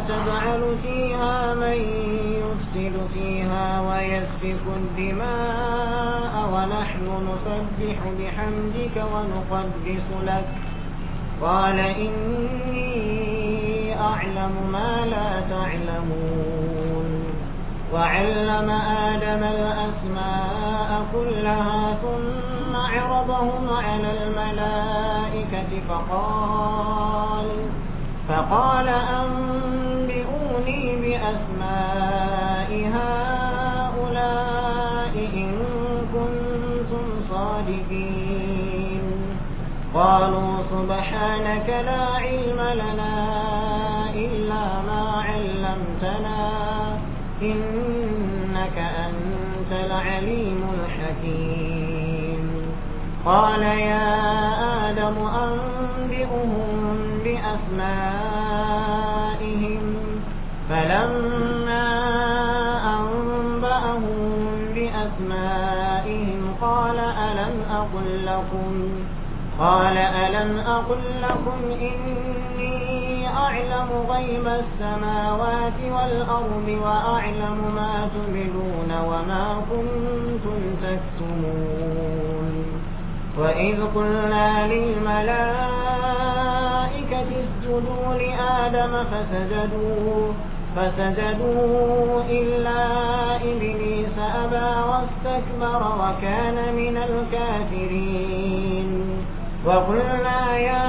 تجعل فيها من يفسد فيها ويسفك الدماء ونحن نسبح بحمدك ونقدس لك قال إني أعلم ما لا تعلمون وعلم آدم الأسماء كلها ثم عرضهم على الملائكة فقال فقال أنبئوني بأسماء هؤلاء إن كنتم صادقين قالوا سبحانك لا علم لنا إلا ما علمتنا إنك أنت العليم الحكيم قال يا آدم أنت أسمائهم فلما أنبأهم بأسمائهم قال ألم أقل لكم قال ألم أقل لكم إني أعلم غيب السماوات والأرض وأعلم ما تبدون وما كنتم تكتمون وإذ قلنا للملائكة اسجدوا لآدم فسجدوا فسجدوا إلا إبليس أبى واستكبر وكان من الكافرين وقلنا يا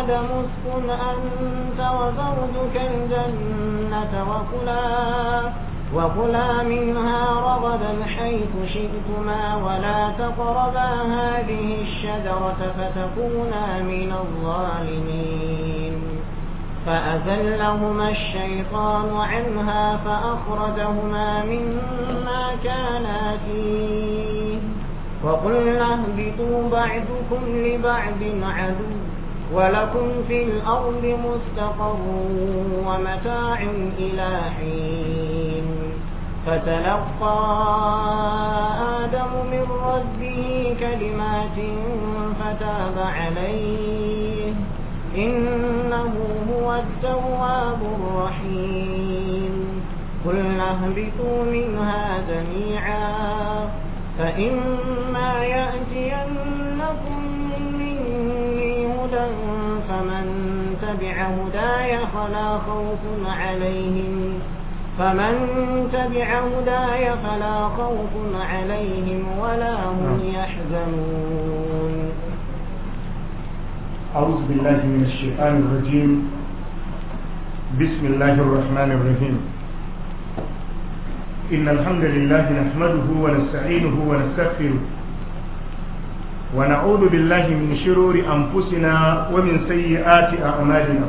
آدم اسكن أنت وزوجك الجنة وكلا وكلا منها رغدا حيث شئتما ولا تقربا هذه الشجرة فتكونا من الظالمين فأذلهما الشيطان عنها فأخرجهما مما كانا فيه وقلنا اهبطوا بعضكم لبعض عدو ولكم في الأرض مستقر ومتاع إلى حين فتلقى آدم من ربه كلمات فتاب عليه إنه هو التواب الرحيم قلنا اهبطوا منها جميعا فإما يأتينكم مني هدى فمن تبع هداي فلا خوف عليهم فمن تبع هداي فلا خوف عليهم ولا هم نعم. يحزنون أعوذ بالله من الشيطان الرجيم بسم الله الرحمن الرحيم إن الحمد لله نحمده ونستعينه ونستغفره ونعوذ بالله من شرور أنفسنا ومن سيئات أعمالنا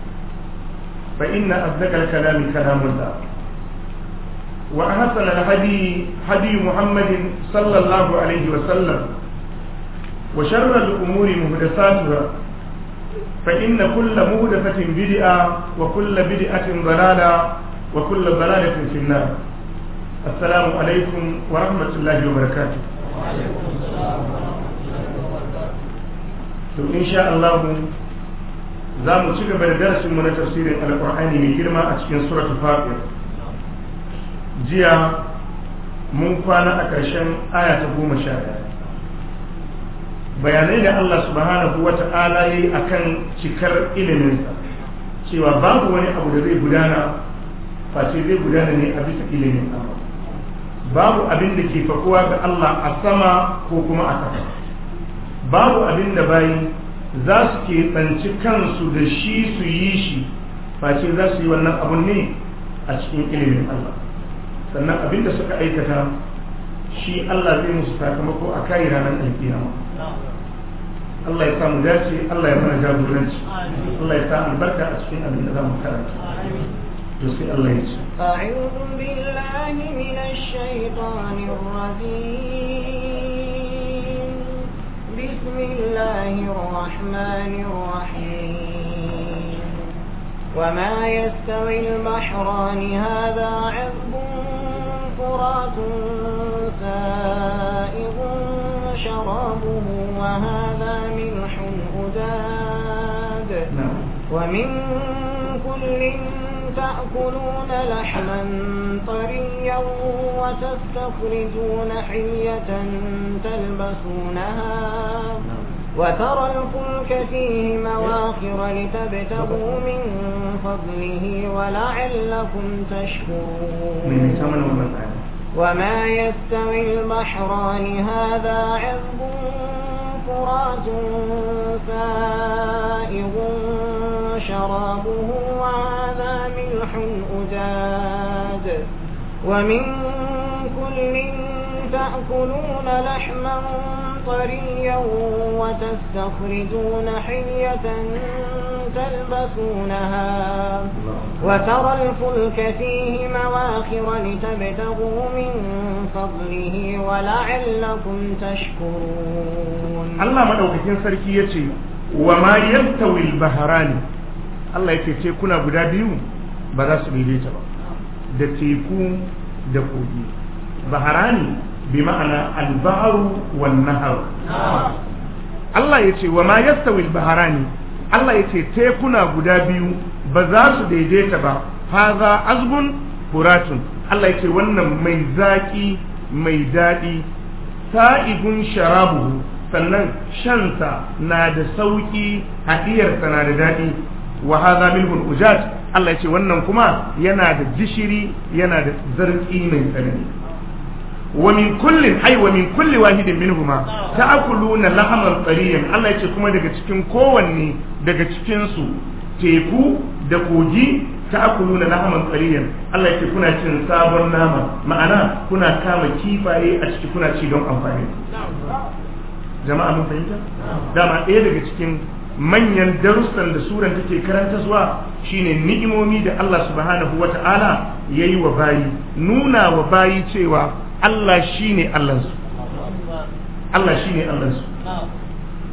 فإن أصدق الكلام كلام الله وأحسن الهدي هدي محمد صلى الله عليه وسلم وشر الأمور محدثاتها فإن كل محدثة بدعة وكل بدعة ضلالة وكل ضلالة في النار السلام عليكم ورحمة الله وبركاته وعليكم السلام ورحمة الله وبركاته إن شاء الله za mu ci gaba da darasin mu na tafsirin alkur'ani mai girma a cikin suratul fatir jiya mun kwana a ƙarshen aya ta goma sha bayanai da Allah subhanahu wa ta'ala yi akan cikar iliminsa cewa babu wani abu da zai gudana face zai gudana ne a bisa ilimin Allah babu abin da ke fakuwa ga Allah a sama ko kuma a ƙasa babu abin da bayi za su keɓanci kansu da shi su yi shi face za su yi wannan abun ne a cikin ilimin Allah sannan abin da suka aikata shi Allah zai musu sakamako a kayi ranar alkiyama Allah ya samu dace Allah ya mana jagoranci Allah ya sa albarka a cikin abin da za mu karanta to sai Allah ya ce a'udhu billahi minash shaitanir rajim الله الرحمن الرحيم وما يستوي البحران هذا عذب فرات سائغ شرابه وهذا ملح أداد نعم. ومن كل تأكلون لحما طريا وتستخرجون حية تلبسونها وترى الفلك فيه مواخر لتبتغوا من فضله ولعلكم تشكرون وما يستوي البحران هذا عذب فرات سائغ شرابه وعلى جماد ومن كل تأكلون لحما طريا وتستخرجون حية تلبسونها وترى الفلك فيه مواخر لتبتغوا من فضله ولعلكم تشكرون الله مدوكتين سركي يتي وما يلتوي الْبَحْرَانِ الله يتي كنا بدا بيو ba za su daidaita ba da teku da kogi baharani bi ma'ana albaru wan nahar Allah ya ce wa ma yastawi Baharani? Allah ya ce tekuna guda biyu ba za su daidaita ba haza azbun furatun Allah ya ce wannan mai zaki mai daɗi sa'igun sharabuhu sannan shansa na da sauƙi haɗiyarsa na da daɗi wa hadha milhun ujat Allah yace wannan kuma yana da gishiri yana da zarki mai tsanani wa min kulli ay wa min kulli wahidin minhuma ta'kuluna lahaman tariyan Allah yace kuma daga cikin kowanne daga cikin su teku da kogi ta'kuluna lahaman tariyan Allah yace kuna cin sabon nama ma'ana kuna kama kifaye a ciki kuna ci don amfani jama'a mun fahimta dama ɗaya daga cikin manyan darussan da suran take karanta zuwa shine ni'imomi da Allah subhanahu wata'ala yi wa bayi nuna wa bayi cewa Allah shine Allahnsu Allah shine Allahnsu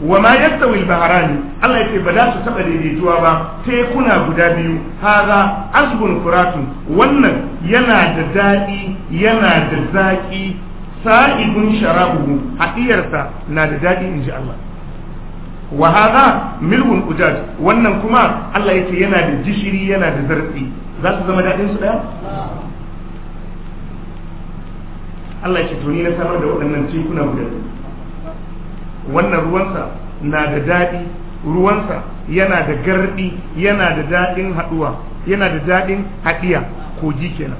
wa ma yastawi al-baharani Allah yake ba za su taba daidaituwa ba tekuna guda biyu haza asbun furatun wannan yana da daɗi yana da zaƙi sa'ibun sharabuhu hadiyarsa na da daɗi inji Allah wa hadha milhun ujaj wannan kuma Allah yake yana da jishiri, yana da zarfi za su zama dadin su daya Allah yake to ni na samar da waɗannan tekuna guda wannan ruwansa na da dadi ruwansa yana da gardi yana da dadin haduwa yana da dadin hadiya koji kenan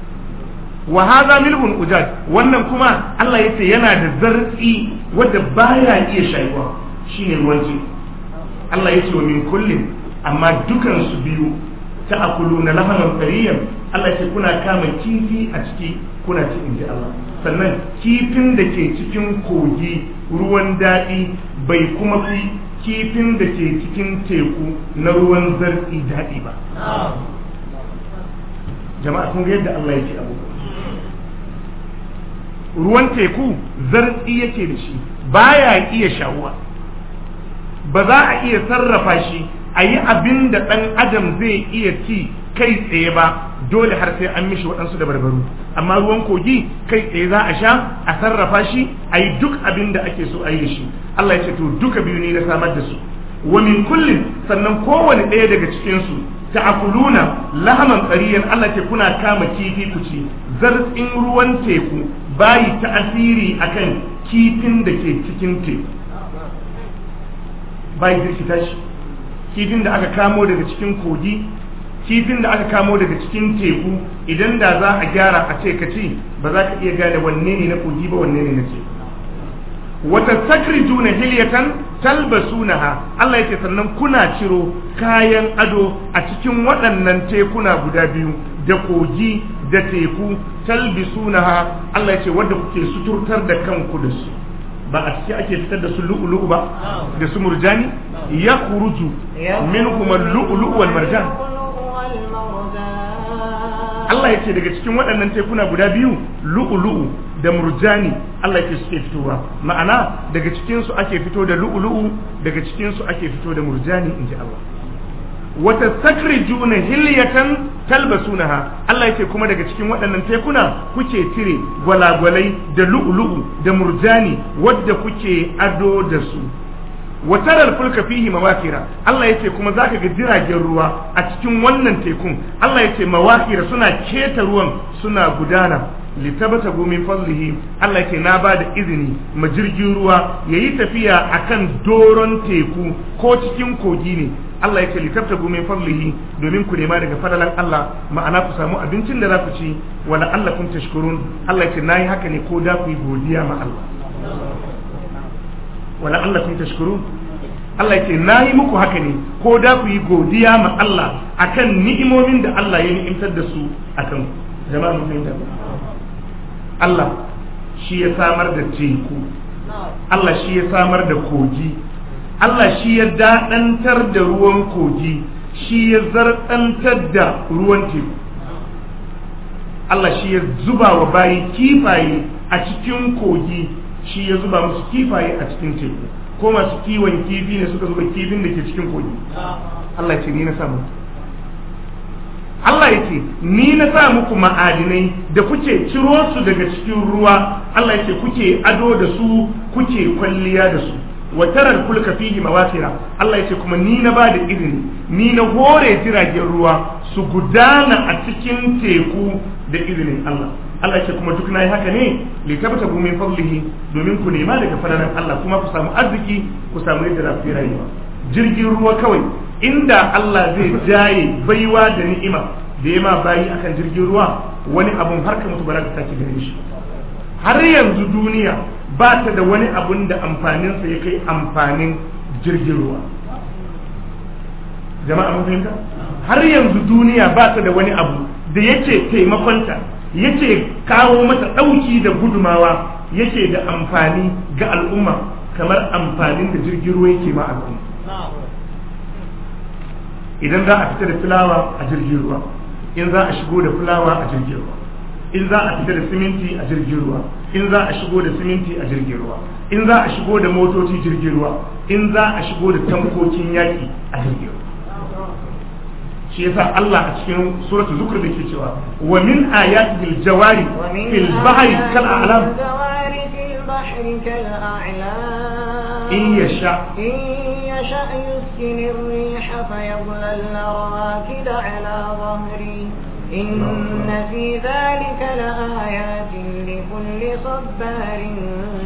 wa hadha milhun ujaj wannan kuma Allah yake yana da zarfi wanda baya iya shayuwa shine ruwan teku Allah ya ce wa min kullin amma dukan su biyu ta akulu na lahanan fariyan Allah ce kuna kama kifi a ciki kuna ci inji Allah sannan kifin da ke cikin kogi ruwan daɗi bai kuma fi kifin da ke cikin teku na ruwan zarfi daɗi ba jama'a kun ga yadda Allah yake abu ruwan teku zarfi yake da shi baya iya shawuwa ba za a iya sarrafa shi a yi abin da ɗan adam zai iya ci kai tsaye ba dole har sai an mishi waɗansu da barbaru amma ruwan kogi kai tsaye za a sha a sarrafa shi a yi duk abin da ake so a yi shi Allah ya ce to duka biyu ne na samar da su wa min kullin sannan kowane ɗaya daga cikinsu ta akuluna lahaman tsariyan Allah ce kuna kama kifi ku ci zartsin ruwan teku bayi ta'asiri akan kifin da ke cikin teku bai zai tashi kifin da aka kamo daga cikin kogi kifin da aka kamo daga cikin teku idan da za a gyara a ce ka ci, ba za ka iya gane wanne ne na kogi ba wanne ne na teku wata sakritu na hilyatan talbasunaha Allah yake sannan kuna ciro kayan ado a cikin waɗannan tekuna guda biyu da kogi da teku talbisunaha Allah ya ce wanda kuke suturtar da kanku da su ba a ciki ake fitar da su lu'ulu'u ba da su murjani ya kuruju min kuma lu'ulu'u wal marjan Allah yake daga cikin waɗannan tekuna guda biyu lu'ulu'u da murjani Allah yake suke fitowa ma'ana daga cikin su ake fito da lu'ulu'u daga cikin su ake fito da murjani inji Allah wata sakri juna hilyatan talbasunaha Allah yake kuma daga cikin waɗannan tekuna kuke cire gwalagwalai da lu'ulu'u da murjani wadda kuke ado da su watarar fulka fihi mawakira Allah yace kuma zaka ga jiragen ruwa a cikin wannan tekun Allah yace mawakira suna keta ruwan suna gudana litabata gumi fadlihi Allah yake na ba da izini ma jirgin ruwa yayi tafiya akan doron teku ko cikin kogi ne Allah yake litabtagu min fadlihi domin ku nema daga fadalan Allah ma'ana ku samu abincin da za ku ci wala Allah kun tashkurun Allah yake nayi haka ne ko da ku yi godiya ma Allah wala Allah kun tashkurun Allah yake nayi muku haka ne ko da ku yi godiya ma Allah akan ni'imomin da Allah ya ni'imtar da su akan ku jama'a mun fahimta Allah shi ya samar da teku Allah shi ya samar da kogi Allah shi ya daɗantar da ruwan kogi shi ya zarɗantar da ruwan teku Allah shi ya zuba wa bayi kifaye a cikin kogi shi ya zuba musu kifaye a cikin teku ko masu kiwon kifi ne suka zuba kifin da ke cikin kogi Allah ce ni na samu Allah ya ce ni na sa muku ma'adinai da kuke ciro su daga cikin ruwa Allah ya ce kuke ado da su kuke kwalliya da su wa taral fulka fihi mawasira Allah yace kuma ni na bada izini ni na hore jiragen ruwa su gudana a cikin teku da izinin Allah Allah yace kuma duk nayi haka ne li tabtabu min fadlihi domin ku nema daga fadalan Allah kuma ku samu arziki ku samu yadda za ku rayuwa jirgin ruwa kawai inda Allah zai jaye baiwa da ni'ima da ya bayi akan jirgin ruwa wani abun harka mutu ba za ta sake gani. shi har yanzu duniya ba ta da wani abun da amfaninsa ya kai amfanin jirgin ruwa jama'a mun fahimta har yanzu duniya ba ta da wani abu da yake taimakonta yake kawo mata ɗauki da gudumawa yake da amfani ga al'umma kamar amfanin da jirgin ruwa yake ma al'umma idan za a fita da fulawa a jirgin ruwa in za a shigo da fulawa a jirgin ruwa in za a fita da siminti a jirgin ruwa in za a shigo da siminti a jirgin ruwa in za a shigo da motoci jirgin ruwa in za a shigo da tankokin yaƙi a jirgin ruwa shi yasa Allah a cikin suratul zukhr da ke cewa wa min ayatil jawari fil bahri kal a'lam إن يشاء إن يشأ يسكن الريح فيضلل راكد على ظهره إن في ذلك لآيات لكل صبار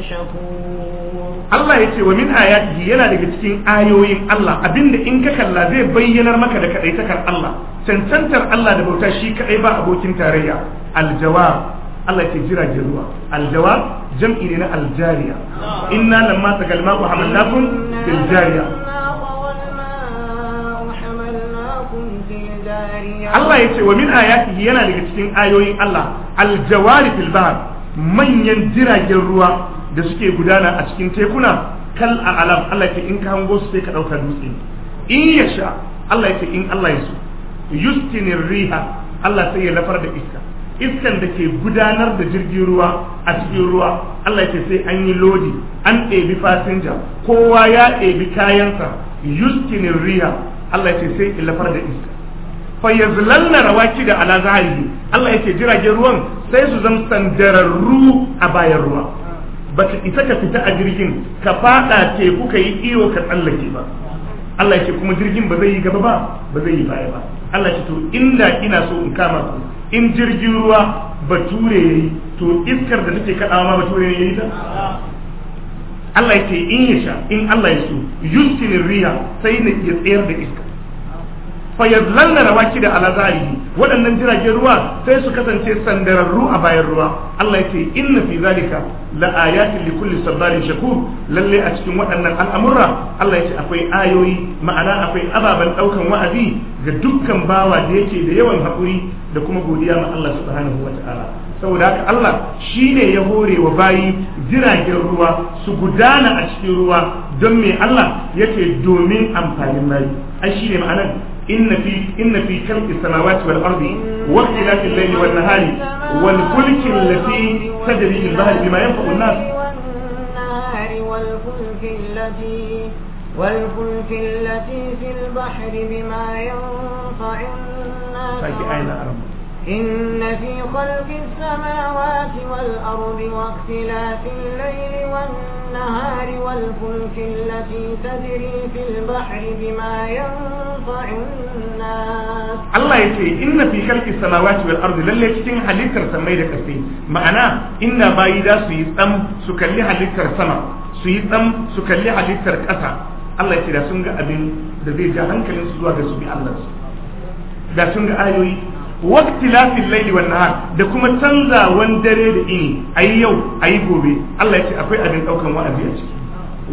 شكور Allah ya ce wa min ayatihi yana daga cikin ayoyin Allah abinda in ka kalla zai bayyanar maka da kadaitakar Allah cancantar Allah da bauta shi kadai ba abokin tarayya aljawab Allah ke jira ruwa aljawab jam'i ne na aljariya inna lamma tagalma ku hamalnakum fil jariya Allah ya ce wa min ayatihi yana daga cikin ayoyin Allah aljawari fil bahr manyan jiragen ruwa da suke gudana a cikin tekuna kal a alam Allah ya ce in ka hango su sai ka dauka dutse in ya sha Allah ya ce in Allah ya so yustinir riha Allah sai ya lafar da iska iskan da ke gudanar da jirgin ruwa a cikin ruwa Allah ce sai an yi lodi an ɗebi fasinja kowa ya ɗebi kayansa yuskinin riha Allah ce sai lafar da iska fa yazlalna rawaki da ala zahari Allah yake jiragen ruwan sai su zama sandararru a bayan ruwa baka isa ka fita a jirgin ka fada teku ka yi iyo ka tsallake ba Allah yake kuma jirgin ba zai yi gaba ba ba zai yi baya ba Allah yake to inda ina so in kama ku in jirgin ruwa ba bature yayi to iskar da nake kadawa ma ba bature yayi ta Allah yake in yasha in Allah ya so yuskin riya sai na iya tsayar da iska fa yazlalna rawaki da alazari waɗannan jiragen ruwa sai su kasance sandararru a bayan ruwa Allah ya ce inna fi zalika la ayatin li kulli sabarin shakur lalle a cikin waɗannan al'amura Allah ya ce akwai ayoyi ma'ana akwai ababen ɗaukan wa'azi ga dukkan bawa da yake da yawan haƙuri da kuma godiya ma Allah subhanahu ta'ala saboda haka Allah shine ya hore wa bayi jiragen ruwa su gudana a cikin ruwa don me Allah yake domin amfanin bayi ai shine ma'anar إن في إن في خلق السماوات والأرض واختلاف الليل والنهار والفلك التي تجري في البحر بما ينفع الناس والفلك التي والفلك التي في البحر بما ينفع الناس طيب، إن في خلق السماوات والأرض واختلاف الليل والنهار والنهار والفلك التي تجري في البحر بما ينفع الناس الله يتي إن في خلق السماوات والأرض للي تتين حليتر سمي لك فيه معنى إن بايدا سيسم سكلي حليتر سما سيسم سكلي حليتر كأسا الله يتي دا سنغ أبين دا زي جاهن كلين سدوا دا سبي الله دا سنغ آيوي waktilafin laili wan nahar da kuma canzawan dare da ini ayi yau ayi gobe Allah ya ce akwai abin daukan wa'azi a ciki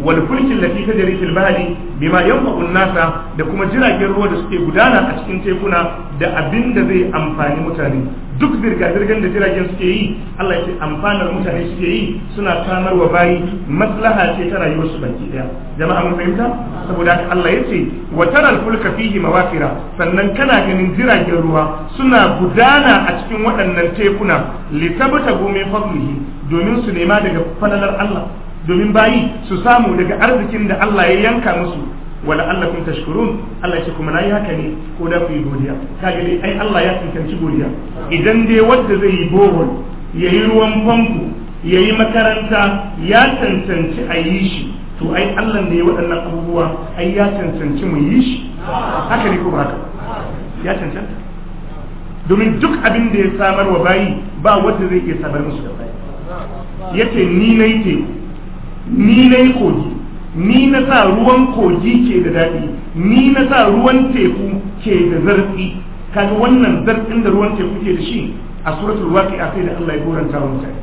wal fulkin lati tajri fil bahri bima yanfa'u nasa da kuma jiragen ruwa da suke gudana a cikin tekuna da abin da zai amfani mutane duk zirga zirgan da jiragen suke yi Allah ya ce amfanar mutane suke yi suna samar wa bayi maslaha ce ta rayuwar su baki daya jama'a mun fahimta saboda haka Allah ya ce wa taral fulka fihi mawafira sannan kana ganin jiragen ruwa suna gudana a cikin waɗannan tekuna litabtagu min fadlihi domin su nema daga falalar Allah domin bayi su samu daga arzikin da Allah ya yanka musu wala allakum tashkurun Allah ya ce kuma nayi haka ne ko da ku yi godiya kage dai ai Allah ya tantance godiya idan dai wanda zai yi bohol yayi ruwan famfo yayi makaranta ya tantance a yi shi to ai Allah ne ya waɗannan abubuwa ai ya tantance mu yi shi haka ne ko ba haka ya tantance domin duk abin da ya samar wa bayi ba wanda zai iya samar musu da bayi yace ni nayi teku ni na yi kogi ni na sa ruwan kogi ke da daɗi ni na sa ruwan teku ke da zarfi kaga wannan zarfin da ruwan teku ke da shi a suratul waqi'a sai da Allah ya goranta wa mutane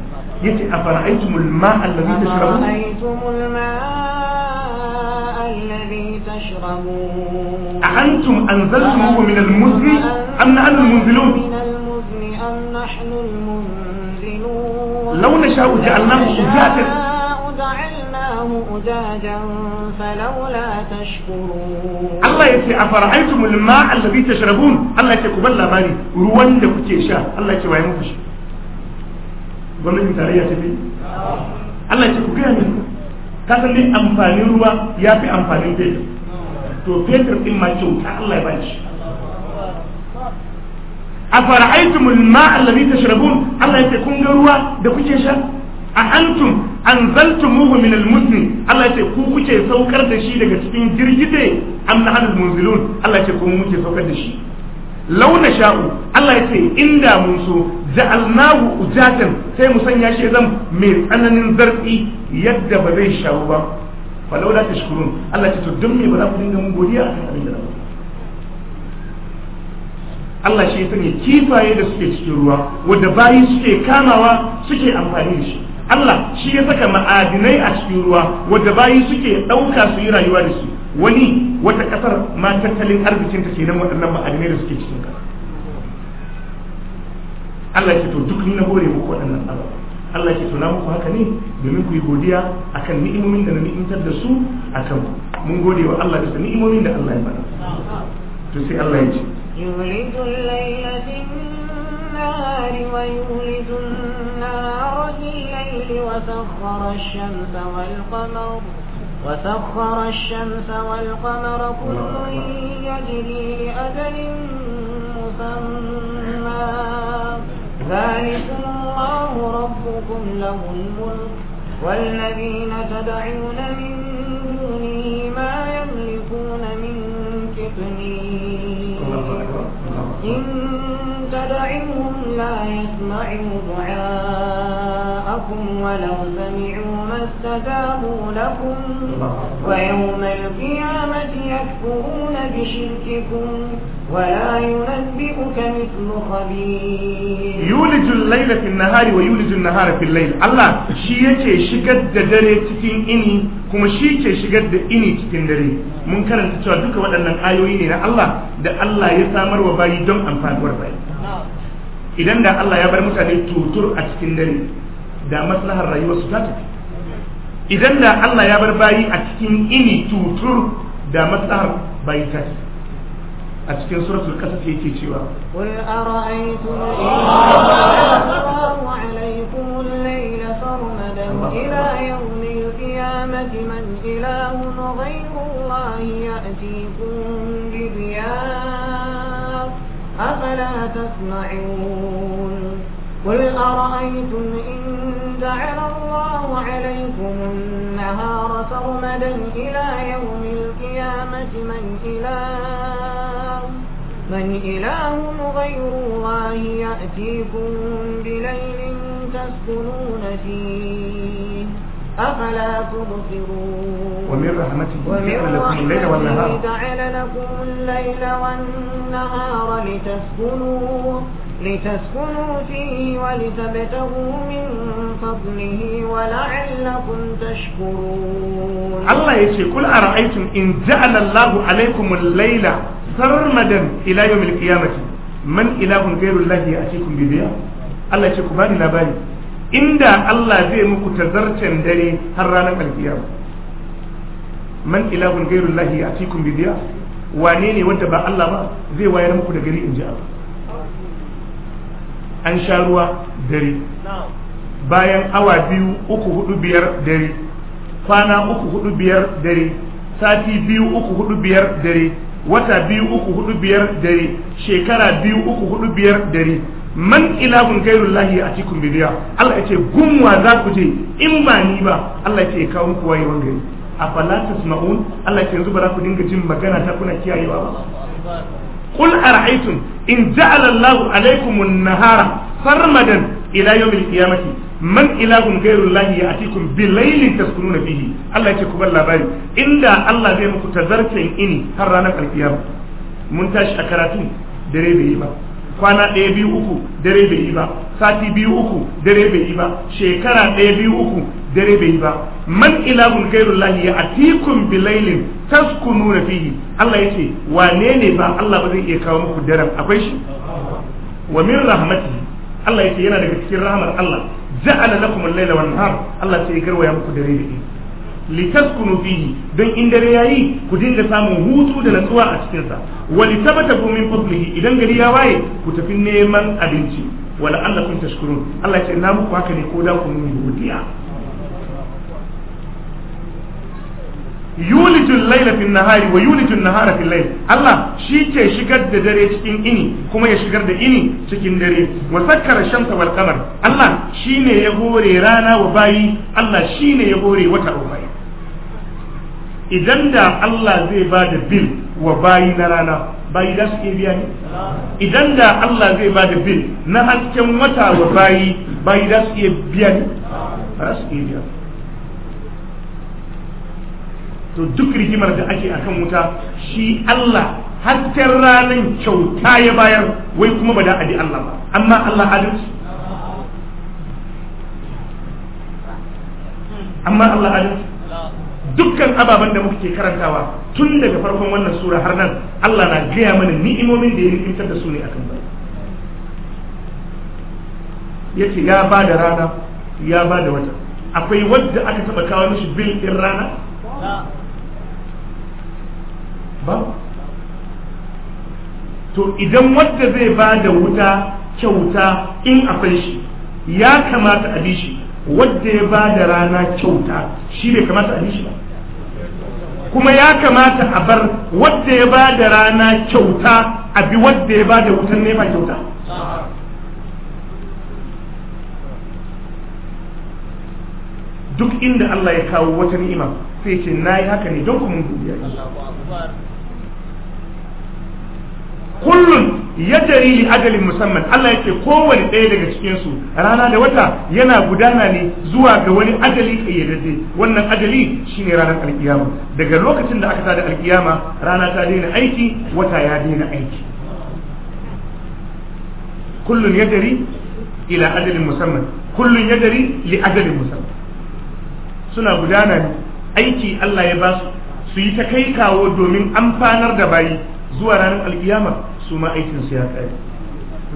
yace afara'aytumul ma'a allazi tashrabun afara'aytumul ma'a allazi tashrabun a antum anzaltumuhu min al-muzni am nahnu al-munzilun am nahnu al-munzilun law nasha'u ja'alnahu ujatan زجاجا فلولا تشكرون الله يتي أفرأيتم الماء الذي تشربون الله يتي كبلا باني روان لكتي شاء الله يتي وعي مفش gwamnatin tarayya ta fi Allah ce ku gaya ka san amfanin ruwa ya fi amfanin fetur to fetur din ma kyauta Allah ya bashi a fara'aitumul ma allazi tashrabun Allah yake kun ga ruwa da kuke sha a antum muhu min almusni Allah ce ku kuke saukar da shi daga cikin girgide am nahanul munzilun Allah ce ku muke saukar da shi launa sha'u Allah ya ce inda mun so ja'alnahu ujatan sai mu sanya shi zan mai tsananin zarfi yadda ba zai shawo ba fa laula tashkurun Allah ce to dun me ba za ku dinga mun godiya a kan da Allah shi ya sanya kifaye da suke cikin ruwa wanda bayi suke kamawa suke amfani da shi Allah shi ya saka ma'adinai a cikin ruwa wadda bayi suke ɗauka su yi rayuwa da su wani wata ƙasar ma tattalin arzikin ta kenan waɗannan ma'adinai da suke cikin ƙasa Allah ya ce to duk ni na hore muku waɗannan ababen Allah ke na muku haka ne domin ku yi godiya akan ni'imomin da na ni'imtar da su a kan mun gode wa Allah bisa ni'imomin da Allah ya faɗa to sai Allah ya ce yuridu al-layla bin-nahari wa yuridu والنهار بالليل وسخر الشمس والقمر وسخر الشمس والقمر كل يجري لأجل مسمى ذلكم الله ربكم له الملك والذين تدعون من دونه ما يملكون من كفنين طعمهم لا يسمع دعاءكم ولو سمعوا ما استجابوا لكم ويوم القيامة يكفرون بشرككم ولا ينبئك مثل خبير يولج الليل في النهار ويولج النهار في الليل الله شي yake shigar da dare cikin ini kuma shi ke shigar da ini cikin dare mun karanta cewa duka waɗannan ayoyi ne na Allah da Allah ya samar wa bayi don amfanuwar bayi idan da Allah ya bar mutane tutur a cikin dare da maslahar su ta tafi idan da Allah ya bar bayi a cikin ini tutur da maslahar bayi ta tafi a cikin suratul kasas yake cewa qul ara'aytum alaykum al-layla sarmadan ila yawm al-qiyamati man ilahun ghayru Allah ya'tikum تسمعون قل أرأيتم إن جعل الله عليكم النهار سرمدا إلى يوم القيامة من إله من إله غير الله يأتيكم بليل تسكنون فيه أفلا تبصرون ومن رحمته جعل لكم الليل والنهار جعل لكم الليل والنهار لتسكنوا لتسكنوا فيه ولتبتغوا من فضله ولعلكم تشكرون الله يشي قل أرأيتم إن جعل الله عليكم الليل سرمدا إلى يوم القيامة من إله غير الله يأتيكم بضياء الله يشي كباني لا باري inda Allah zai muku tazarcen dare har ranar alkiyama man ilahun gairun lahi a cikin bidiya wane ne wanda ba Allah ba zai wayar muku da gari in ji Allah an sha ruwa dare bayan awa biyu uku hudu biyar dare kwana uku hudu biyar dare sati biyu uku hudu biyar dare wata biyu uku hudu biyar dare shekara biyu uku hudu biyar dare man ilahun gairullahi a cikin bidiya Allah ya ce gumwa za ku je in ba ni ba Allah ya ce kawo ku waye wanga a fala tasma'un Allah ya ce yanzu ba za ku dinga jin magana ta kuna kiyayewa ba qul ara'aytum in ja'ala Allahu alaykum an-nahara farmadan ila yawm qiyamati man ilahun gairullahi ya atikum bi laylin taskununa fihi Allah ya ce ku bar labari inda Allah zai muku tazarcin ini har ranar alkiyama mun tashi a karatu dare bai yi ba kwana ɗaya biyu uku dare bai yi ba sati biyu uku dare bai yi ba shekara ɗaya biyu uku dare bai yi ba man ilahun gairullahi ya atikum bilailin taskununa fihi Allah yace wane ne ba Allah ba zai iya kawo muku daren akwai shi wa min rahmati Allah yace yana daga cikin rahmar Allah ja'ala lakum al-laila wan nahar Allah sai ya garwaya muku dare da yi. litaskunu fihi don in dare yayi ku dinga samun hutu da natsuwa a cikin sa wa litabtabu min fadlihi idan gari ya waye ku tafi neman abinci wa la'allakum tashkurun Allah ya ce na muku haka ne ko da ku mun godiya yulijul laila fin nahari wa yulijul nahara fil layl Allah shi ke shigar da dare cikin ini kuma ya shigar da ini cikin dare wa sakkara shamsa wal qamar Allah shine ya hore rana wa bayi Allah shine ya hore wata wa idan da Allah zai ba da bil wa bayi na rana bayi za su iya biya ne idan da Allah zai ba da bil na hasken wata wa bayi bayi za su iya biya ne Ba su iya biya to duk rigimar da ake akan wuta shi Allah hasken ranar kyauta ya bayar wai kuma ba da adi Allah ba amma Allah adalci amma Allah adalci dukkan ababen da muke karantawa tun daga farkon wannan sura har nan Allah na gaya mana ni'imomin da ya ni'imtar da su ne akan bai yace ya ba da rana ya ba da wata akwai wadda aka taba kawo mishi bil din rana ba to idan wadda zai ba da wuta kyauta in akwai shi ya kamata a bi shi wadda ya ba da rana kyauta shi bai kamata a bi shi ba kuma ya kamata a bar wadda ya ba da rana kyauta a bi wadda ya ba da wutan nema kyauta duk inda Allah ya kawo wata ni'ima sai ce na yi haka ne don kuma godiya kullu ya jari li ajalin musamman Allah yake kowane ɗaya daga cikinsu rana da wata yana gudana ne zuwa ga wani ajali ƙayyadadde wannan ajali shine ranar alkiyama daga lokacin da aka tada alkiyama rana ta daina aiki wata ya daina aiki kullun ya jari ila ajalin musamman kullun ya jari li ajalin musamman suna gudana ne aiki Allah ya ba su su yi ta kai kawo domin amfanar da bayi zuwa ranar alkiyama su ma aikin su ya kare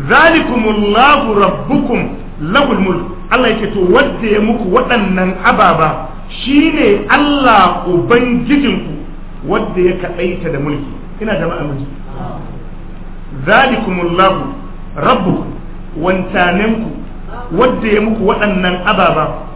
zalikumullahu rabbukum lahul mulk Allah yake to wanda ya muku waɗannan ababa shine Allah ubangijinku wanda ya kadaita da mulki ina jama'a miji zalikumullahu rabbukum ku wanda ya muku waɗannan ababa